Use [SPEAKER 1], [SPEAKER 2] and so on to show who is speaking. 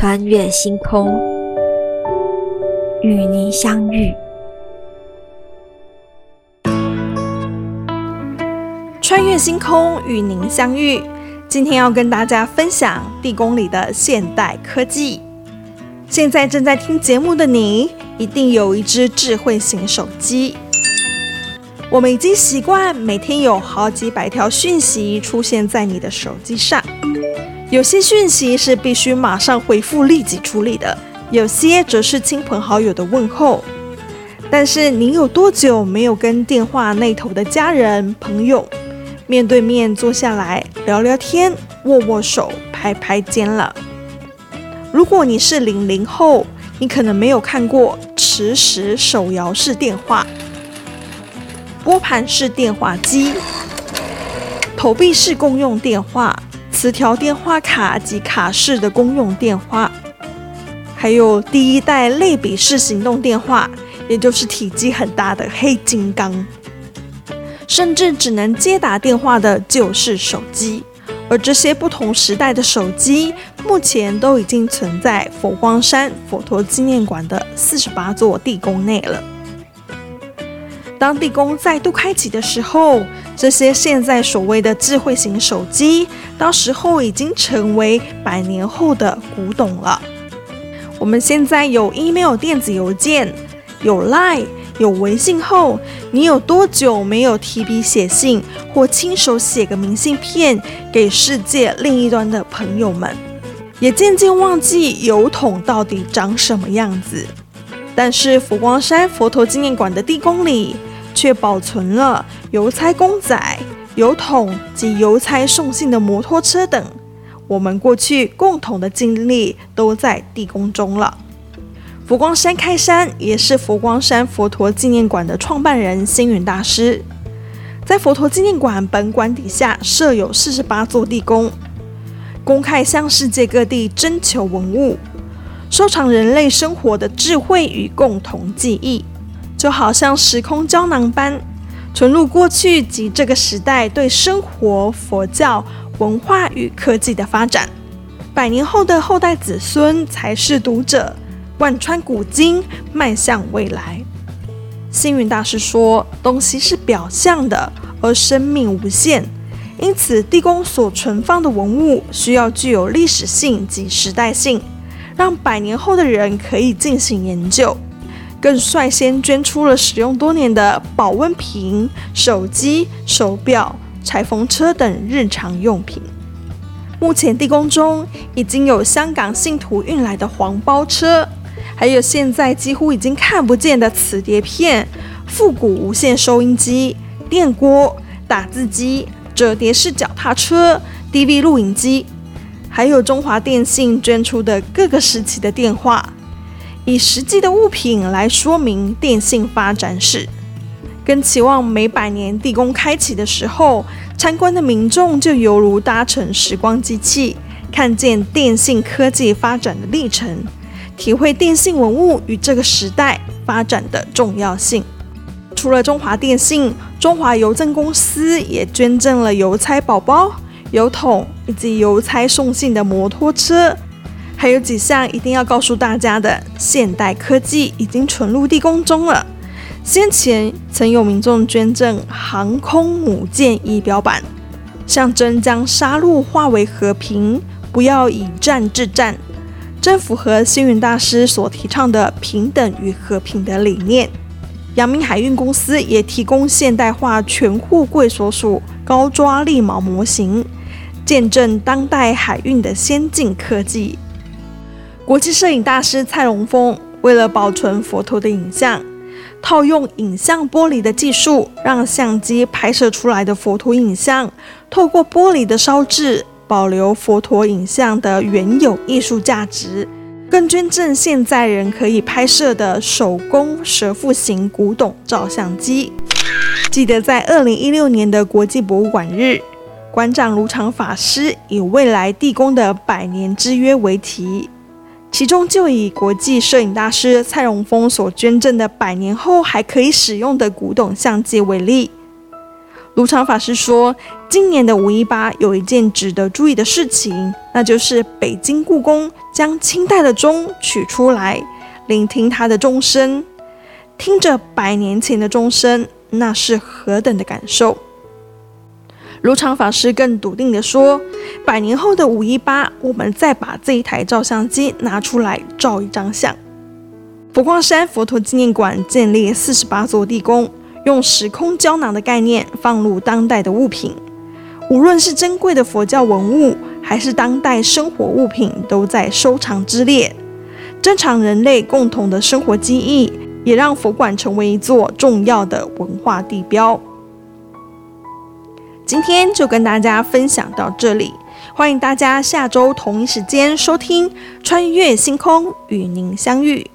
[SPEAKER 1] 穿越星空與您相遇，穿越星空與您相遇。今天要跟大家分享地宮裡的現代科技。現在正在聽節目的你，一定有一支智慧型手機。我們已經習慣每天有好幾百條訊息出現在你的手機上。有些訊息是必須馬上回復、立即處理的，有些則是親朋好友的問候。但是，你有多久沒有跟電話那頭的家人、朋友面對面坐下來聊聊天、握握手、拍拍肩了？如果你是零零後，你可能沒有看過磁石手搖式電話、撥盤式電話機、投幣式公用電話。磁條電話卡及卡式的公用電話，還有第一代類比式行動電話，也就是體積很大的黑金剛，甚至只能接打電話的就是手機。而這些不同時代的手機，目前都已經存在佛光山佛陀紀念館的四十八座地宮內了。當地宮再度開啟的時候，這些現在所謂的智慧型手機，到時候已經成為百年後的古董了。我們現在有 email 電子郵件，有 LINE，有微信後，你有多久沒有提筆寫信或親手寫個明信片給世界另一端的朋友們？也漸漸忘記郵筒到底長什麼樣子。但是佛光山佛陀紀念館的地宮裡，卻保存了郵差公仔、郵筒及郵差送信的摩托車等，我們過去共同的經歷都在地宮中了。佛光山開山也是佛光山佛陀紀念館的創辦人星雲大師，在佛陀紀念館本館底下設有四十八座地宮，公開向世界各地徵求文物，收藏人類生活的智慧與共同記憶。就好像時空膠囊般，存入過去及這個時代對生活、佛教文化與科技的發展。百年後的後代子孫才是讀者，貫穿古今，邁向未來。星雲大師說：“東西是表象的，而生命無限，因此地宮所存放的文物需要具有歷史性及時代性，讓百年後的人可以進行研究。”更率先捐出了使用多年的保溫瓶、手機、手錶、裁縫車等日常用品。目前地宮中已經有香港信徒運來的黃包車，還有現在幾乎已經看不見的磁碟片、復古無線收音機、電鍋、打字機、折疊式腳踏車、DV 錄影機，還有中華電信捐出的各個時期的電話。以實際的物品來說明電信發展史，跟期望每百年地宮開啟的時候，參觀的民眾就猶如搭乘時光機器，看見電信科技發展的歷程，體會電信文物與這個時代發展的重要性。除了中華電信，中華郵政公司也捐贈了郵差寶寶、郵筒以及郵差送信的摩托車。還有幾項一定要告訴大家的：現代科技已經存入地宮中了。先前曾有民眾捐贈航空母艦儀表板，象徵將殺戮化為和平，不要以戰制戰，正符合星雲大師所提倡的平等與和平的理念。陽明海運公司也提供現代化全貨櫃所屬高抓力錨模型，見證當代海運的先進科技。國際攝影大師蔡榮峰為了保存佛陀的影像，套用影像玻璃的技術，讓相機拍攝出來的佛陀影像透過玻璃的燒製，保留佛陀影像的原有藝術價值，更捐贈現在人可以拍攝的手工蛇腹型古董照相機。記得在二零一六年的國際博物館日，館長盧常法師以“未來地宮的百年之約”為題。其中就以國際攝影大師蔡榮峰所捐贈的百年後還可以使用的古董相機為例。盧常法師說，今年的五一八有一件值得注意的事情，那就是北京故宮將清代的鐘取出來，聆聽它的鐘聲，聽着百年前的鐘聲，那是何等的感受。如常法師更篤定地說：“百年後的五一八，我們再把這一台照相機拿出來照一張相。”佛光山佛陀紀念館建立四十八座地宮，用時空膠囊的概念放入當代的物品，無論是珍貴的佛教文物，還是當代生活物品，都在收藏之列。珍藏人類共同的生活記憶，也讓佛館成為一座重要的文化地標。今天就跟大家分享到這裡，歡迎大家下周同一時間收聽《穿越星空》，與您相遇。